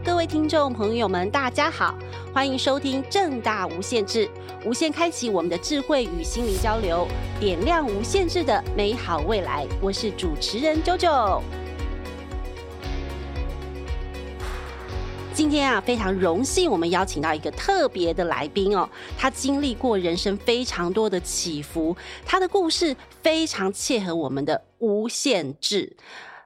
各位聽眾朋友們，大家好，歡迎收聽政大無限制，無限開啟我們的智慧與心靈交流，點亮無限制的美好未來。我是主持人 JoJo jo。今天啊，非常榮幸，我們邀請到一個特別的來賓哦，他經歷過人生非常多的起伏，他的故事非常切合我們的無限制。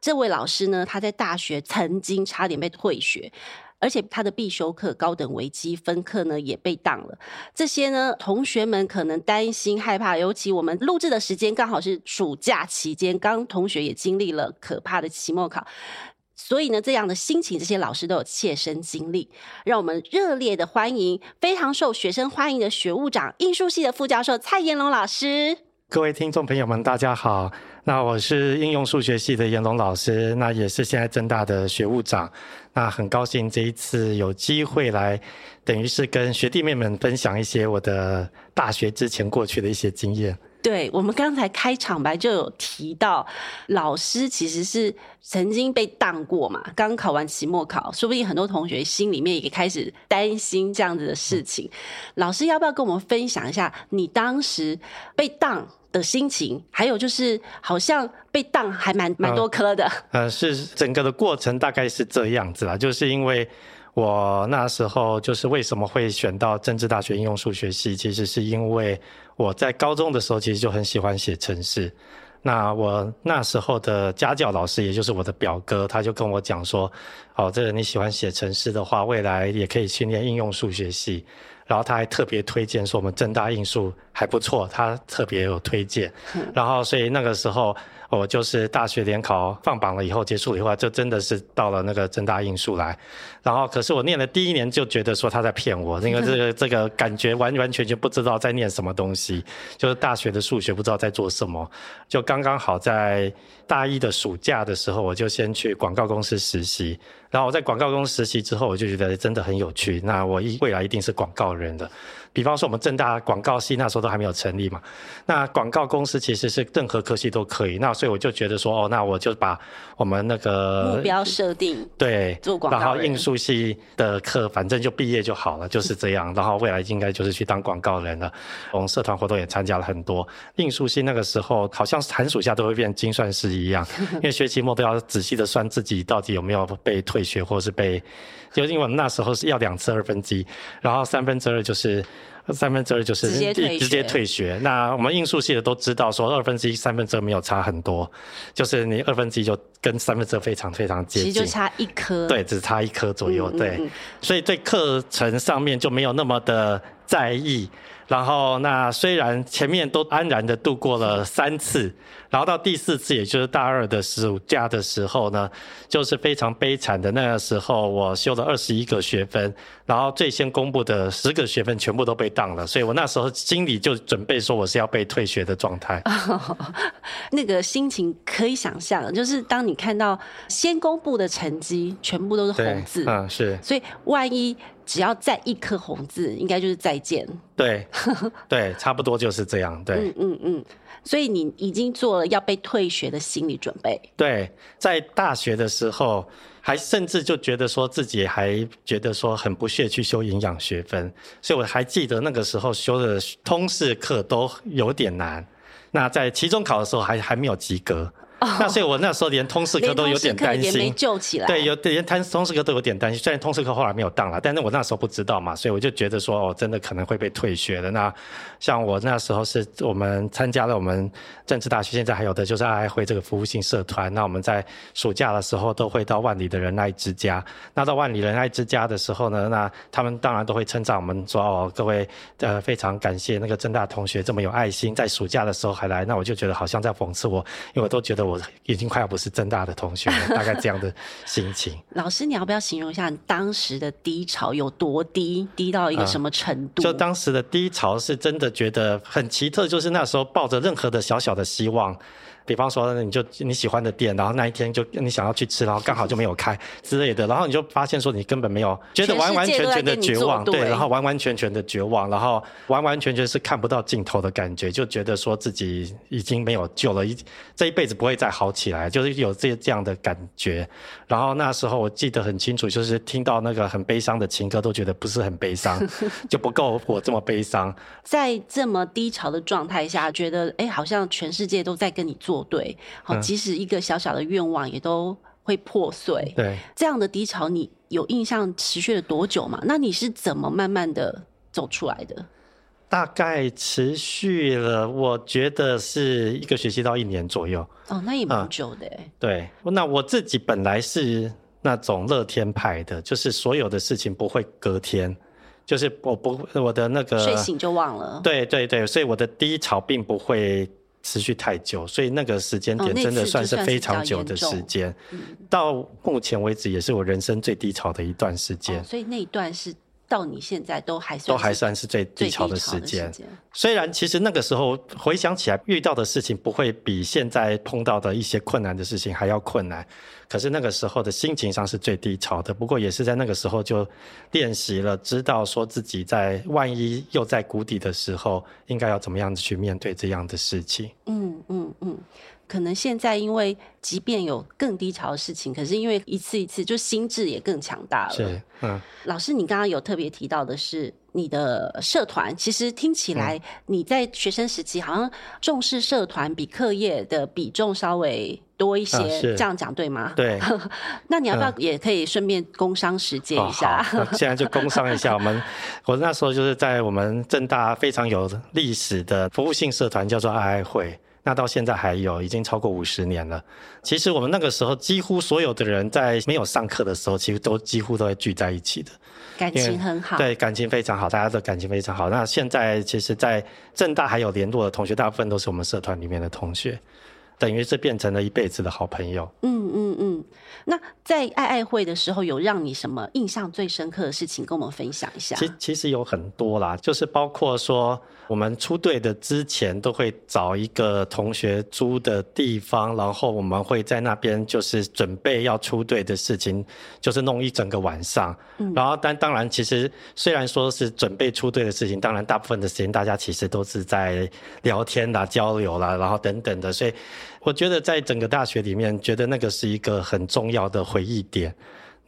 這位老師呢，他在大學曾經差點被退學，而且他的必修課高等微積分課呢也被當了。這些呢，同學們可能擔心害怕，尤其我們錄製的時間剛好是暑假期間，剛同學也經歷了可怕的期末考，所以呢，這樣的心情，這些老師都有切身經歷。讓我們熱烈的歡迎非常受學生歡迎的學務長、應數系的副教授蔡炎龍老師。各位聽眾朋友們，大家好。那我是應用數學系的炎龍老師，那也是現在政大的學務長。那很高興這一次有機會來，等於是跟學弟妹們分享一些我的大學之前過去的一些經驗。對，我們剛才開場白就有提到，老師其實是曾經被當過嘛。剛考完期末考，說不定很多同學心裡面也開始擔心這樣子的事情。嗯、老師要不要跟我們分享一下你當時被當？的心情，還有就是好像被當還蠻蠻多科的呃。呃，是整個的過程大概是這樣子啦，就是因為我那時候就是為什麼會選到政治大學應用數學系，其實是因為我在高中的時候其實就很喜歡寫程式。那我那時候的家教老師，也就是我的表哥，他就跟我講說：“哦，這個你喜歡寫程式的話，未來也可以去念應用數學系。”然後他還特別推薦說，我們政大應數還不錯，他特別有推薦。嗯，然後所以那個時候。我就是大學聯考放榜了以後結束了以後，就真的是到了那個政大應數來，然後可是我念了第一年就覺得說他在騙我，因為這個這個感覺完完全全不知道在念什麼東西，就是大學的數學不知道在做什麼，就剛剛好在大一的暑假的時候，我就先去廣告公司實習，然後我在廣告公司實習之後，我就覺得真的很有趣，那我一未來一定是廣告人的，比方說我們政大廣告系那時候都還沒有成立嘛，那廣告公司其實是任何科系都可以，那。所以我就覺得說，哦，那我就把我們那個目標設定對，做廣告，然後應數系的課，反正就畢業就好了，就是這樣。 然後未來應該就是去當廣告人了。我、嗯、們社團活動也參加了很多。應數系那個時候，好像寒暑假都會變精算師一樣， 因為學期末都要仔細的算自己到底有沒有被退學，或是被，就 因為我們那時候是要兩次二分之一，然後三分之二就是。三分之二就是直接退學。直接退學。那我們應數系的都知道，說二分之一、三分之二沒有差很多，就是你二分之一就跟三分之二非常非常接近，其實就差一科，對，只差一科左右，嗯嗯嗯，對。所以對課程上面就沒有那麼的在意。然後，那雖然前面都安然的度過了三次，然後到第四次，也就是大二的暑假的時候呢，就是非常悲慘的那個時候，我修了二十一個學分，然後最先公布的十個學分全部都被當了，所以我那時候心裡就準備說我是要被退學的狀態。哦，那個心情可以想象，就是當你看到先公布的成績全部都是紅字，嗯，是，所以萬一。只要再一科紅字，應該就是再見。對，對， 差不多就是這樣。對，嗯嗯嗯，所以你已經做了要被退學的心理準備。對，在大學的時候，還甚至就覺得說自己還覺得說很不屑去修營養學分，所以我還記得那個時候修的通識課都有點難，那在期中考的時候還還沒有及格。Oh, 那所以，我那時候連通識課都有點擔心，也沒救起來，對，有連通通識課都有點擔心。雖然通識課後來沒有當了，但是我那時候不知道嘛，所以我就覺得說，哦，真的可能會被退學的。那像我那時候是我們參加了我們政治大學，現在還有的就是愛愛會這個服務性社團。那我們在暑假的時候都會到萬里的仁愛之家。那到萬里仁愛之家的時候呢，那他們當然都會稱讚我們說，哦，各位呃，非常感謝那個政大同學這麼有愛心，在暑假的時候還來。那我就覺得好像在諷刺我，因為我都覺得。我已經快要不是政大的同學了，大概這樣的心情。 老師，你要不要形容一下你當時的低潮有多低，低到一個什麼程度？嗯，就當時的低潮是真的覺得很奇特，就是那時候抱着任何的小小的希望。比方說，你就你喜歡的店，然後那一天就你想要去吃，然後剛好就沒有開之類的，然後你就發現說你根本沒有，覺得完完全全的絕望，對，然後完完全全的絕望，然後完完全全是看不到盡頭的感覺，就覺得說自己已經沒有救了，一這一輩子不會再好起來，就是有這這樣的感覺。然後那時候我記得很清楚，就是聽到那個很悲傷的情歌，都覺得不是很悲傷，就不夠我這麼悲傷。 在這麼低潮的狀態下，覺得哎，好像全世界都在跟你作。對，好，即使一個小小的願望也都會破碎。嗯、對，這樣的低潮，你有印象持續了多久嗎？那你是怎麼慢慢的走出來的？大概持續了，我覺得是一個學期到一年左右。哦，那也蠻久的、嗯。對，那我自己本來是那種樂天派的，就是所有的事情不會隔天，就是我不我的那個睡醒就忘了。對對對，所以我的低潮並不會。持續太久，所以那個時間點真的算是非常久的時間。哦嗯、到目前為止，也是我人生最低潮的一段時間。哦、所以那一段是。到你現在都還算都還算是最低潮的時間，雖然其實那個時候回想起來遇到的事情不會比現在碰到的一些困難的事情還要困難，可是那個時候的心情上是最低潮的。不過也是在那個時候就練習了，知道說自己在萬一又在谷底的時候，應該要怎麼樣子去面對這樣的事情。嗯，嗯嗯嗯。可能現在，因為即便有更低潮的事情，可是因為一次一次，就心智也更強大了。是，嗯。老師，你剛剛有特別提到的是你的社團，其實聽起來你在學生時期好像重視社團比課業的比重稍微多一些，嗯、這樣講對嗎？對。 那你要不要也可以順便工商時間一下？嗯哦、現在就工商一下，我們 我那時候就是在我們政大非常有歷史的服務性社團，叫做愛愛會。那到現在還有，已經超過五十年了。其實我們那個時候，幾乎所有的人在沒有上課的時候，其實都幾乎都會聚在一起的，感情很好。對，感情非常好，大家都感情非常好。那現在其實，在政大還有聯絡的同學，大部分都是我們社團裡面的同學。等於是變成了一輩子的好朋友。嗯嗯嗯。那在愛愛會的時候，有讓你什麼印象最深刻的事情，跟我們分享一下？其實其實有很多啦，就是包括說，我們出隊的之前，都會找一個同學租的地方，然後我們會在那邊就是準備要出隊的事情，就是弄一整個晚上。嗯。然後，但當然，其實雖然說是準備出隊的事情，當然大部分的時間，大家其實都是在聊天啦、交流啦，然後等等的，所以。我覺得在整個大學裡面，覺得那個是一個很重要的回憶點。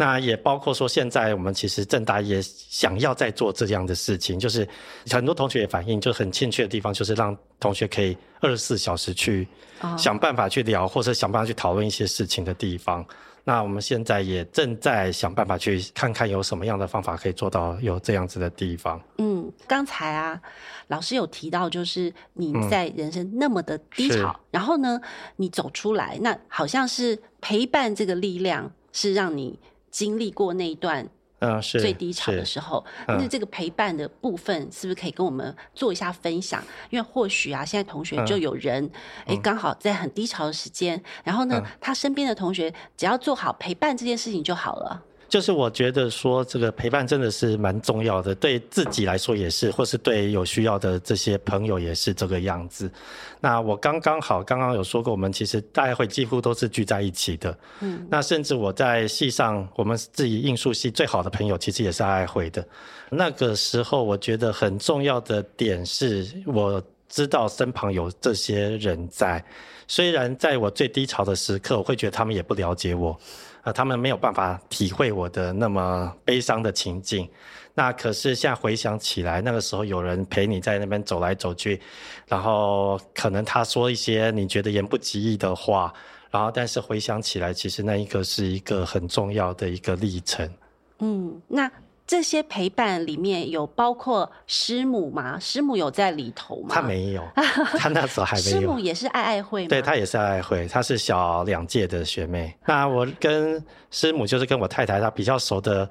那也包括說，現在我們其實政大也想要再做這樣的事情，就是很多同學也反映，就很欠缺的地方，就是讓同學可以二十四小時去想辦法去聊，或者想辦法去討論一些事情的地方。那我們現在也正在想辦法去看看有什麼樣的方法可以做到有這樣子的地方。嗯，剛才啊，老師有提到，就是你在人生那麼的低潮，嗯、然後呢，你走出來，那好像是陪伴這個力量是讓你經歷過那一段。Uh, 是，最低潮的時候，那是這個陪伴的部分是不是可以跟我們做一下分享？嗯、因為或許啊，現在同學就有人，哎、嗯，剛好在很低潮的時間，然後呢，嗯、他身邊的同學只要做好陪伴這件事情就好了。就是我覺得說，這個陪伴真的是蠻重要的，對自己來說也是，或是對有需要的這些朋友也是這個樣子。那我剛剛好，剛剛有說過，我們其實愛會幾乎都是聚在一起的。嗯，那甚至我在系上，我們自己應數系最好的朋友，其實也是愛會的。那個時候，我覺得很重要的點是，我知道身旁有這些人在，雖然在我最低潮的時刻，我會覺得他們也不了解我。呃，他們沒有辦法體會我的那麼悲傷的情景，那可是現在回想起來，那個時候有人陪你在那邊走來走去，然後可能他說一些你覺得言不及義的話，然後但是回想起來，其實那一個是一個很重要的一個歷程。嗯，那。這些陪伴裡面有包括師母嗎？師母有在裡頭嗎？他沒有，他那時候還沒有。 師母也是愛愛會嗎？對，他也是愛愛會，他是小兩屆的學妹。那我跟師母就是跟我太太她比較熟的。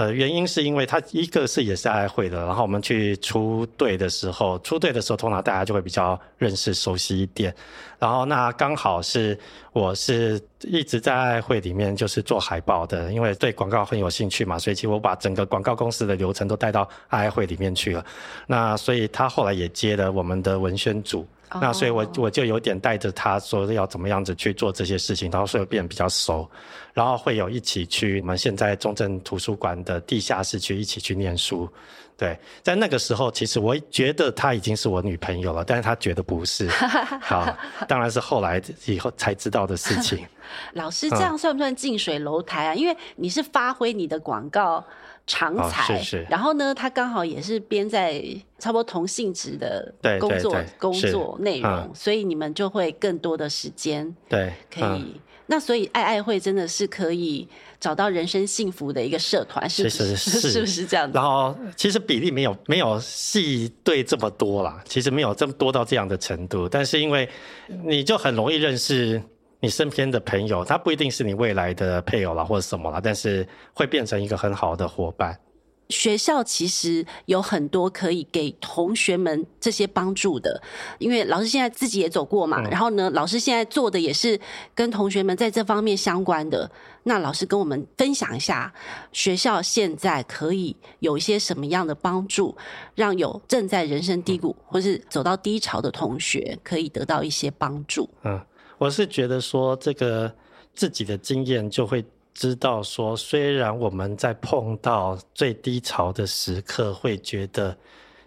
呃，原因是因為他一個是也是愛會的，然後我們去出隊的時候，出隊的時候通常大家就會比較認識熟悉一點，然後那剛好是我是一直在愛會裡面就是做海報的，因為對廣告很有興趣嘛，所以其實我把整個廣告公司的流程都帶到愛會裡面去了，那所以他後來也接了我們的文宣組。Oh. 那所以，我我就有點帶着他說要怎麼樣子去做這些事情，然後所以我變得比較熟，然後會有一起去，我們現在中正圖書館的地下室去一起去念書，對，在那個時候，其實我覺得他已經是我女朋友了，但是他覺得不是， 好，當然是後來以後才知道的事情。 老師這樣算不算近水樓台啊？因為你是發揮你的廣告。長才，哦、是是，然後呢，他剛好也是編在差不多同性質的工作對對對、嗯、工作內容，所以你們就會更多的時間，對，可以。嗯、那所以愛愛會真的是可以找到人生幸福的一個社團，是是是，是， 是不是這樣是？然後其實比例沒有沒有細對這麼多啦，其實沒有這麼多到這樣的程度，但是因為你就很容易認識。你身邊的朋友，他不一定是你未來的配偶啦，或者什麼啦。但是會變成一個很好的夥伴。學校其實有很多可以給同學們這些幫助的，因為老師現在自己也走過嘛。嗯、然後呢，老師現在做的也是跟同學們在這方面相關的。那老師跟我們分享一下，學校現在可以有一些什麼樣的幫助，讓有正在人生低谷、嗯、或是走到低潮的同學可以得到一些幫助。嗯。我是覺得說，這個自己的經驗就會知道說，雖然我們在碰到最低潮的時刻，會覺得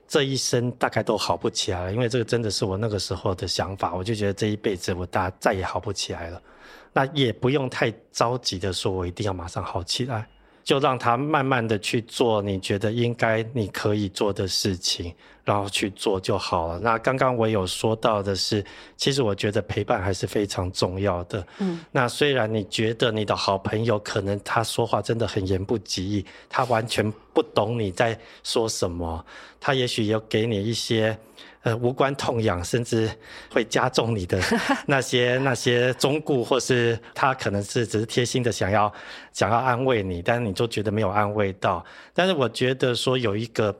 這一生大概都好不起來了，因為這個真的是我那個時候的想法，我就覺得這一輩子我大再也好不起來了。那也不用太着急的說，我一定要馬上好起來。就讓他慢慢的去做你覺得應該你可以做的事情，然後去做就好了。那剛剛我有說到的是，其實我覺得陪伴還是非常重要的。嗯，那雖然你覺得你的好朋友可能他說話真的很言不及義，他完全不懂你在說什麼，他也許有給你一些。呃，無關痛癢，甚至會加重你的那些 那些中固，或是他可能是只是貼心的想要想要安慰你，但你就覺得沒有安慰到。但是我覺得說有一個。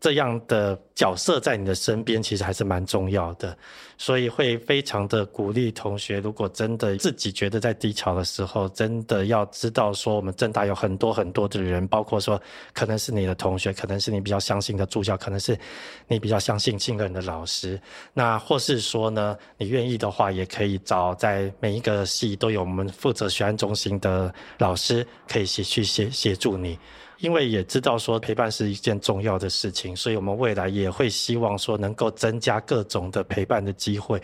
這樣的角色在你的身邊其實還是蠻重要的，所以會非常的鼓勵同學。如果真的自己覺得在低潮的時候，真的要知道說，我們政大有很多很多的人，包括說可能是你的同學，可能是你比較相信的助教，可能是你比較相信信任的老師，那或是說呢，你願意的話，也可以找在每一個系都有我們負責學安中心的老師，可以去協協助你。因為也知道說，陪伴是一件重要的事情，所以我們未來也會希望說能夠增加各種的陪伴的機會。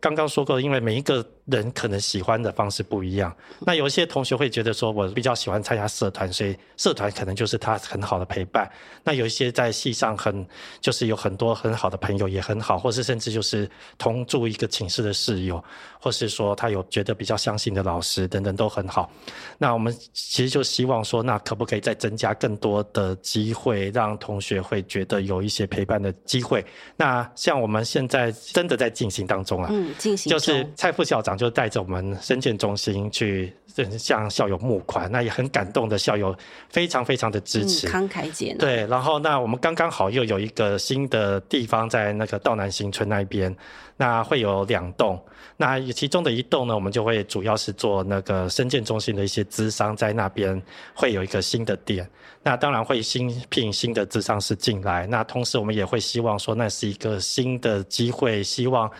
剛剛說過，因為每一個。人可能喜歡的方式不一樣，那有一些同學會覺得說，我比較喜歡參加社團，所以社團可能就是他很好的陪伴。那有一些在系上很就是有很多很好的朋友也很好，或是甚至就是同住一個寢室的室友，或是說他有覺得比較相信的老師等等都很好。那我們其實就希望說，那可不可以再增加更多的機會，讓同學會覺得有一些陪伴的機會？那像我們現在真的在進行當中啊，嗯，進行中，就是蔡副校長。就帶着我們身健中心去向校友募款，那也很感動的校友非常非常的支持，嗯、慷慨解囊。對，然後那我們剛剛好又有一個新的地方在那個道南新村那邊，那會有兩棟，那其中的一棟呢，我們就會主要是做那個身健中心的一些諮商，在那邊會有一個新的店，那當然會新聘新的諮商師進來，那同時我們也會希望說，那是一個新的機會，希望。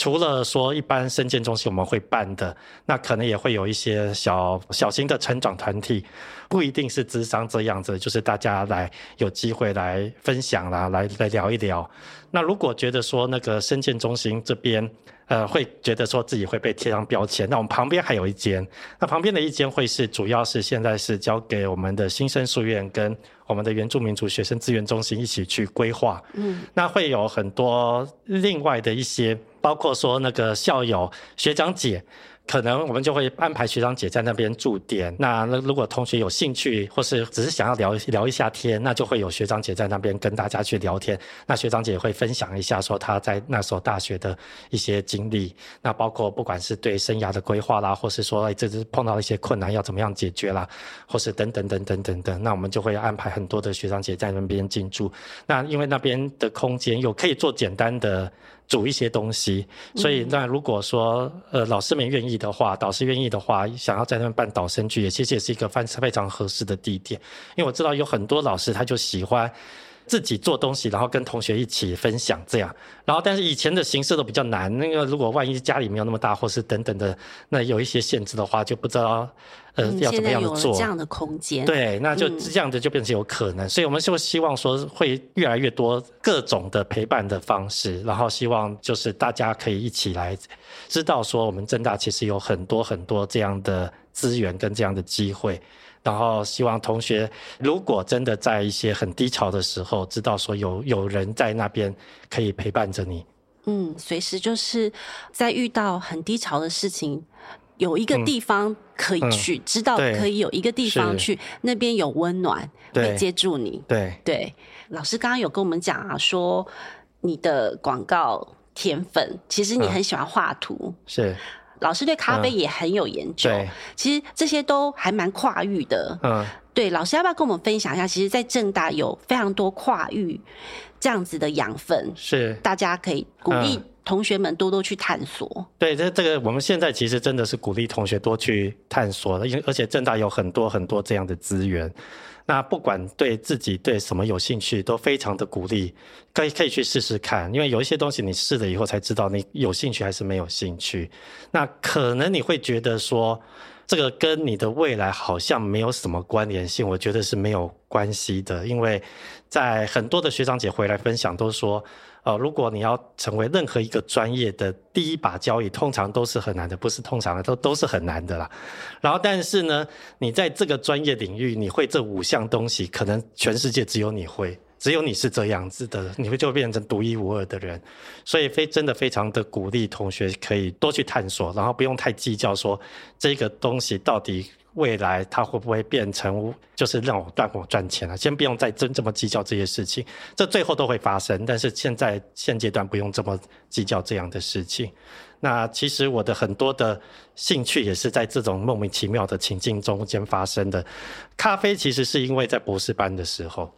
除了說一般身健中心我們會辦的，那可能也會有一些小小型的成長團體，不一定是諮商這樣子，就是大家來有機會來分享啦，來來聊一聊。那如果覺得說那個身健中心這邊，呃，會覺得說自己會被貼上標籤，那我們旁邊還有一間，那旁邊的一間會是主要是現在是交給我們的新生書院跟我們的原住民族學生資源中心一起去規劃。嗯，那會有很多另外的一些。包括說那個校友學長姐，可能我們就會安排學長姐在那邊駐點。那那如果同學有興趣，或是只是想要聊聊一下天，那就會有學長姐在那邊跟大家去聊天。那學長姐也會分享一下說他在那所大學的一些經歷。那包括不管是對生涯的規劃啦，或是說這次碰到一些困難要怎麼樣解決啦，或是等等等等等等。那我們就會安排很多的學長姐在那邊進駐。那因為那邊的空間有可以做簡單的。煮一些東西，所以那如果說呃老師們願意的話，導師願意的話，想要在那邊辦導生聚，也其實也是一個非常非常合適的地點，因為我知道有很多老師他就喜歡。自己做東西，然後跟同學一起分享，這樣。然後，但是以前的形式都比較難。那個，如果萬一家裡沒有那麼大，或是等等的，那有一些限制的話，就不知道呃、嗯、要怎麼樣做。現在有了這樣的空間，對，那就這樣的就變成有可能。嗯、所以，我們就希望說會越來越多各種的陪伴的方式，然後希望就是大家可以一起來知道說，我們政大其實有很多很多這樣的資源跟這樣的機會。然後希望同學，如果真的在一些很低潮的時候，知道說有有人在那邊可以陪伴着你，嗯，隨時就是在遇到很低潮的事情，有一個地方可以去，嗯嗯、知道對可以有一個地方去，是那邊有溫暖可以對接住你。對對，老師剛剛有跟我們講啊，說你的廣告天分，其實你很喜歡畫圖、嗯，是。老師對咖啡也很有研究，嗯、其實這些都還蠻跨域的。嗯，對，老師要不要跟我們分享一下？其實，在政大有非常多跨域這樣子的養分，是大家可以鼓勵同學們多多去探索。嗯、對，這這個我們現在其實真的是鼓勵同學多去探索，因而且政大有很多很多這樣的資源。那不管對自己對什麼有興趣，都非常的鼓勵，可以可以去試試看，因為有一些東西你試了以後才知道你有興趣還是沒有興趣。那可能你會覺得說，這個跟你的未來好像沒有什麼關聯性，我覺得是沒有關係的，因為在很多的學長姐回來分享都說。呃、哦，如果你要成為任何一個專業的第一把交椅，通常都是很難的，不是通常的，都都是很難的啦。然後，但是呢，你在這個專業領域，你會這五項東西，可能全世界只有你會，只有你是這樣子的，你會就變成獨一無二的人。所以，非真的非常的鼓勵同學可以多去探索，然後不用太計較說這個東西到底。未來它會不會變成就是讓我讓我賺錢啊，先不用再真這麼計較這些事情，這最後都會發生。但是現在現階段不用這麼計較這樣的事情。那其實我的很多的興趣也是在這種莫名其妙的情境中間發生的。咖啡其實是因為在博士班的時候。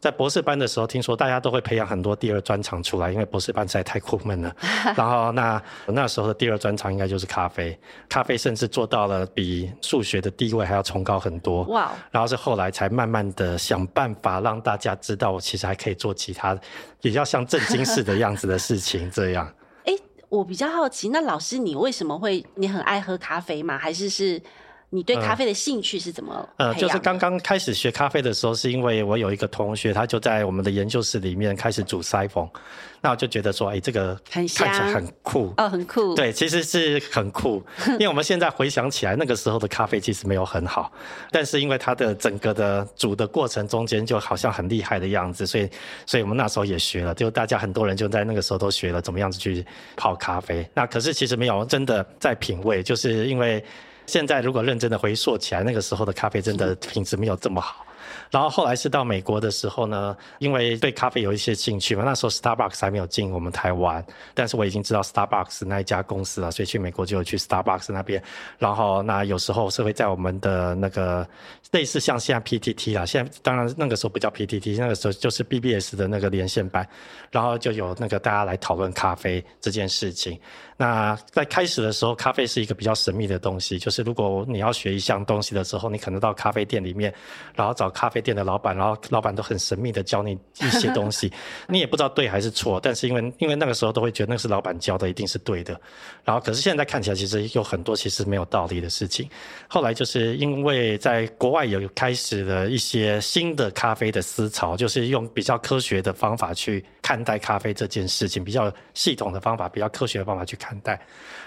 在博士班的時候，聽說大家都會培養很多第二專長出來，因為博士班實在太苦悶了。然後那那時候的第二專長應該就是咖啡，咖啡甚至做到了比數學的地位還要崇高很多。哇！Wow. 然後是後來才慢慢的想辦法讓大家知道，我其實還可以做其他，比較像正經事的樣子的事情這樣。哎， 我比較好奇，那老師你為什麼會你很愛喝咖啡嗎？還是是？你對咖啡的興趣是怎麼培養的，嗯？呃，就是剛剛開始學咖啡的時候，是因為我有一個同學，他就在我們的研究室裡面開始煮塞風，那我就覺得說，哎、欸，這個看起來很酷，很哦，很酷，對，其實是很酷，因為我們現在回想起來， 那個時候的咖啡其實沒有很好，但是因為它的整個的煮的過程中間就好像很厲害的樣子，所以，所以我們那時候也學了，就大家很多人就在那個時候都學了怎麼樣子去泡咖啡，那可是其實沒有真的在品味，就是因為。現在如果認真的回溯起來，那個時候的咖啡真的品質沒有這麼好。然後後來是到美國的時候呢，因為對咖啡有一些興趣嘛，那時候 Starbucks 還沒有進我們台灣，但是我已經知道 Starbucks 那一家公司了，所以去美國就有去 Starbucks 那邊。然後那有時候是會在我們的那個類似像現在 PTT 啦，現在當然那個時候不叫 PTT，那個時候就是 BBS 的那個連線版，然後就有那個大家來討論咖啡這件事情。那在開始的時候，咖啡是一個比較神秘的東西，就是如果你要學一項東西的時候，你可能到咖啡店裡面，然後找咖啡。店的老闆，然後老闆都很神秘的教你一些東西，你也不知道對還是錯，但是因為因為那個時候都會覺得那是老闆教的，一定是對的，然後可是現在看起來其實有很多其實沒有道理的事情。後來就是因為在國外有開始了一些新的咖啡的思潮，就是用比較科學的方法去看待咖啡這件事情，比較系統的方法，比較科學的方法去看待。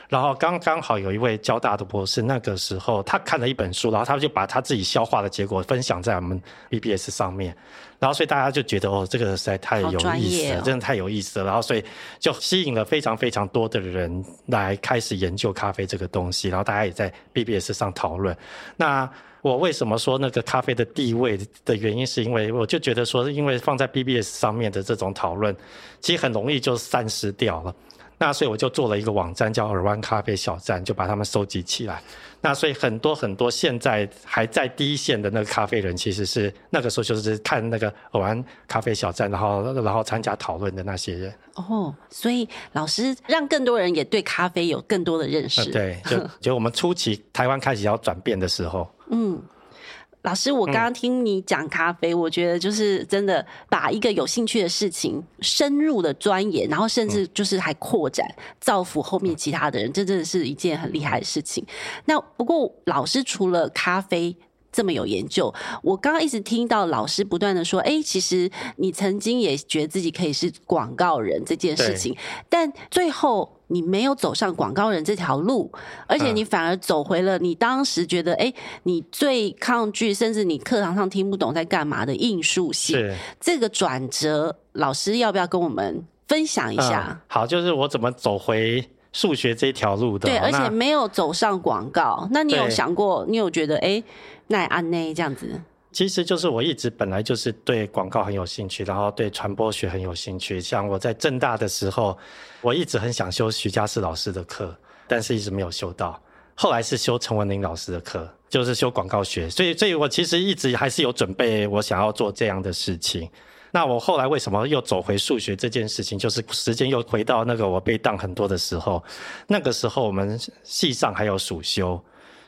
然後剛剛好有一位交大的博士，那個時候他看了一本書，然後他就把他自己消化的結果分享在我們 BBS 上面，然後所以大家就覺得哦，這個實在太有意思，哦、真的太有意思了。然後所以就吸引了非常非常多的人來開始研究咖啡這個東西，然後大家也在 BBS 上討論。那我為什麼說那個咖啡的地位的原因，是因為我就覺得說，因為放在 BBS 上面的這種討論，其實很容易就散失掉了。那所以我就做了一個網站叫耳灣咖啡小站，就把他們收集起來。那所以很多很多現在還在第一線的那個咖啡人，其實是那個時候就是看那個耳灣咖啡小站，然後然後參加討論的那些人。哦，所以老師讓更多人也對咖啡有更多的認識。嗯，對，就就我們初期 台灣開始要轉變的時候。嗯。老師，我剛剛聽你講咖啡，我覺得就是真的把一個有興趣的事情深入的鑽研，然後甚至就是還擴展，造福後面其他的人，這真的是一件很厲害的事情。那不過老師，除了咖啡。這麼有研究，我剛剛一直聽到老師不斷的說，哎，其實你曾經也覺得自己可以是廣告人這件事情，對但最後你沒有走上廣告人這條路，而且你反而走回了你當時覺得，哎、嗯，你最抗拒，甚至你課堂上聽不懂在幹嘛的應數系。是這個轉折，老師要不要跟我們分享一下？嗯、好，就是我怎麼走回數學這條路的？對，那而且沒有走上廣告，那你有想過，對你有覺得，哎？那安呢？這樣，這樣子，其實就是我一直本來就是對廣告很有興趣，然後對傳播學很有興趣。像我在政大的時候，我一直很想修徐佳士老師的課，但是一直沒有修到。後來是修陳文玲老師的課，就是修廣告學。所以，所以我其實一直還是有準備，我想要做這樣的事情。那我後來為什麼又走回數學這件事情？就是時間又回到那個我被當很多的時候，那個時候我們系上還有暑修。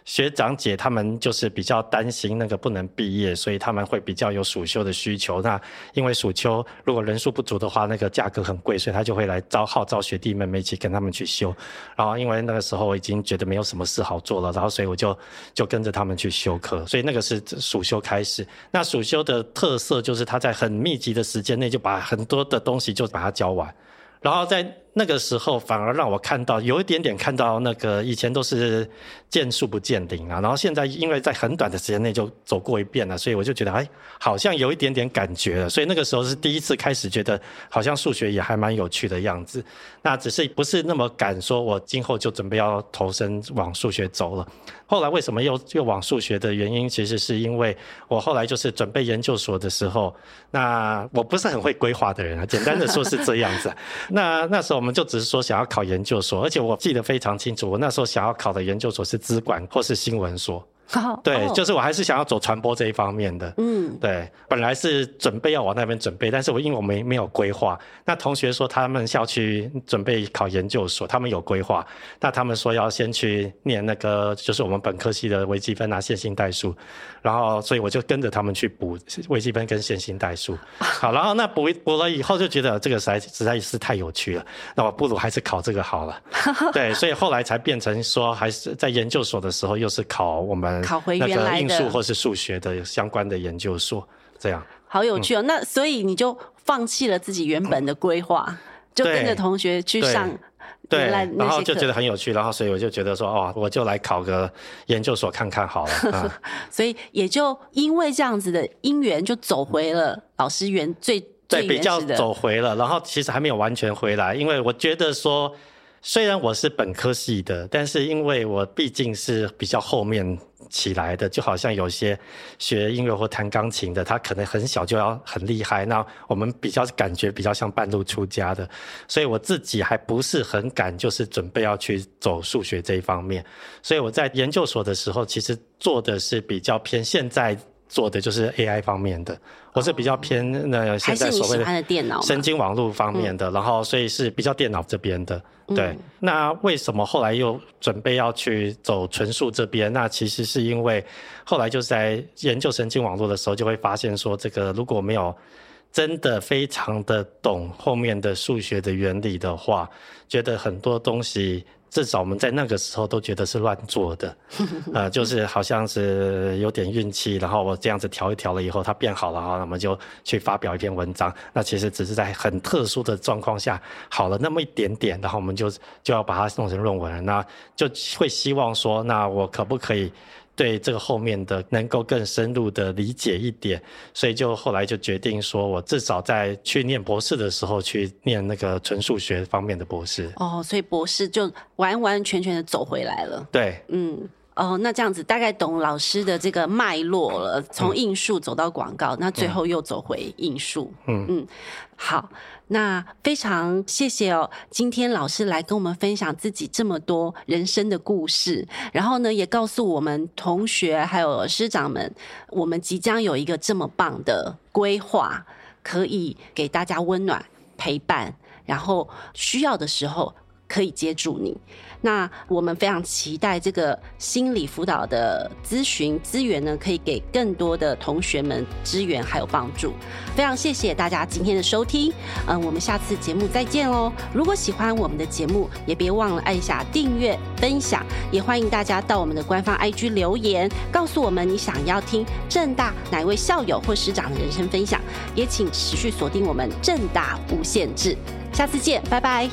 學長姐他們就是比較擔心那個不能畢業，所以他們會比較有暑修的需求。那因為暑修如果人數不足的話，那個價格很貴，所以他就會來招號召學弟妹妹一起跟他們去修。然後因為那個時候我已經覺得沒有什麼事好做了，然後所以我就就跟着他們去修課。所以那個是暑修開始。那暑修的特色就是他在很密集的時間內就把很多的東西就把它教完，然後在。那個時候反而讓我看到有一點點看到那個以前都是見樹不見林啊，然後現在因為在很短的時間內就走過一遍了、啊，所以我就覺得哎、欸，好像有一點點感覺了。所以那個時候是第一次開始覺得好像數學也還蠻有趣的樣子。那只是不是那麼敢說，我今後就準備要投身往數學走了。後來為什麼又又往數學的原因，其實是因為我後來就是準備研究所的時候，那我不是很會規劃的人啊。簡單的說是這樣子， 那那時候。我們就只是說想要考研究所，而且我記得非常清楚，我那時候想要考的研究所是資管或是新聞所。好，oh, oh. 對，就是我還是想要走傳播這一方面的，嗯，mm. 對，本來是準備要往那邊準備，但是我因為我沒沒有規劃，那同學說他們校區準備考研究所，他們有規劃，那他們說要先去念那個就是我們本科系的微積分啊、線性代數，然後所以我就跟着他們去補微積分跟線性代數，好，然後那補一補了以後就覺得這個實在實在是太有趣了，那我不如還是考這個好了，對，所以後來才變成說還是在研究所的時候又是考我們。考回原來的應數或是數學的相關的研究所，這樣好有趣哦。嗯、那所以你就放棄了自己原本的規劃，嗯、就跟着同學去上原來對，對，然後就覺得很有趣，然後所以我就覺得說，哦，我就來考個研究所看看好了。嗯、 所以也就因為這樣子的因緣，就走回了老師原、嗯、最，最原對比較走回了。然後其實還沒有完全回來，因為我覺得說，雖然我是本科系的，但是因為我畢竟是比較後面。起來的，就好像有些學音樂或彈鋼琴的，他可能很小就要很厲害。那我們比較感覺比較像半路出家的，所以我自己還不是很敢，就是準備要去走數學這一方面。所以我在研究所的時候，其實做的是比較偏現在。做的就是 AI 方面的，我是比較偏那、哦、現在所謂的神經網絡方面的，的然後所以是比較電腦這邊的。嗯、對，那為什麼後來又準備要去走純數這邊？嗯、那其實是因為後來就是在研究神經網絡的時候，就會發現說，這個如果沒有真的非常的懂後面的數學的原理的話，覺得很多東西。至少我們在那個時候都覺得是亂做的， 呃，就是好像是有點運氣，然後我這樣子調一調了以後，它變好了，然後我們就去發表一篇文章。那其實只是在很特殊的狀況下好了那麼一點點，然後我們就就要把它弄成論文了，那就會希望說，那我可不可以？對這個後面的能夠更深入的理解一點，所以就後來就決定說，我至少在去念博士的時候去念那個純數學方面的博士。哦，所以博士就完完全全的走回來了。對，嗯，哦，那這樣子大概懂老師的這個脈絡了，從應數走到廣告，嗯、那最後又走回應數。嗯嗯，好。那非常謝謝哦，今天老師來跟我們分享自己這麼多人生的故事，然後呢，也告訴我們同學還有師長們，我們即將有一個這麼棒的規劃，可以給大家溫暖陪伴，然後需要的時候。可以接住你。那我們非常期待這個心理輔導的諮詢資源呢，可以給更多的同學們支援還有幫助。非常謝謝大家今天的收聽，嗯，我們下次節目再見哦。如果喜歡我們的節目，也別忘了按下訂閱、分享。也歡迎大家到我們的官方 IG 留言，告訴我們你想要聽政大哪一位校友或師長的人生分享。也請持續鎖定我們政大無限制。下次見，拜拜。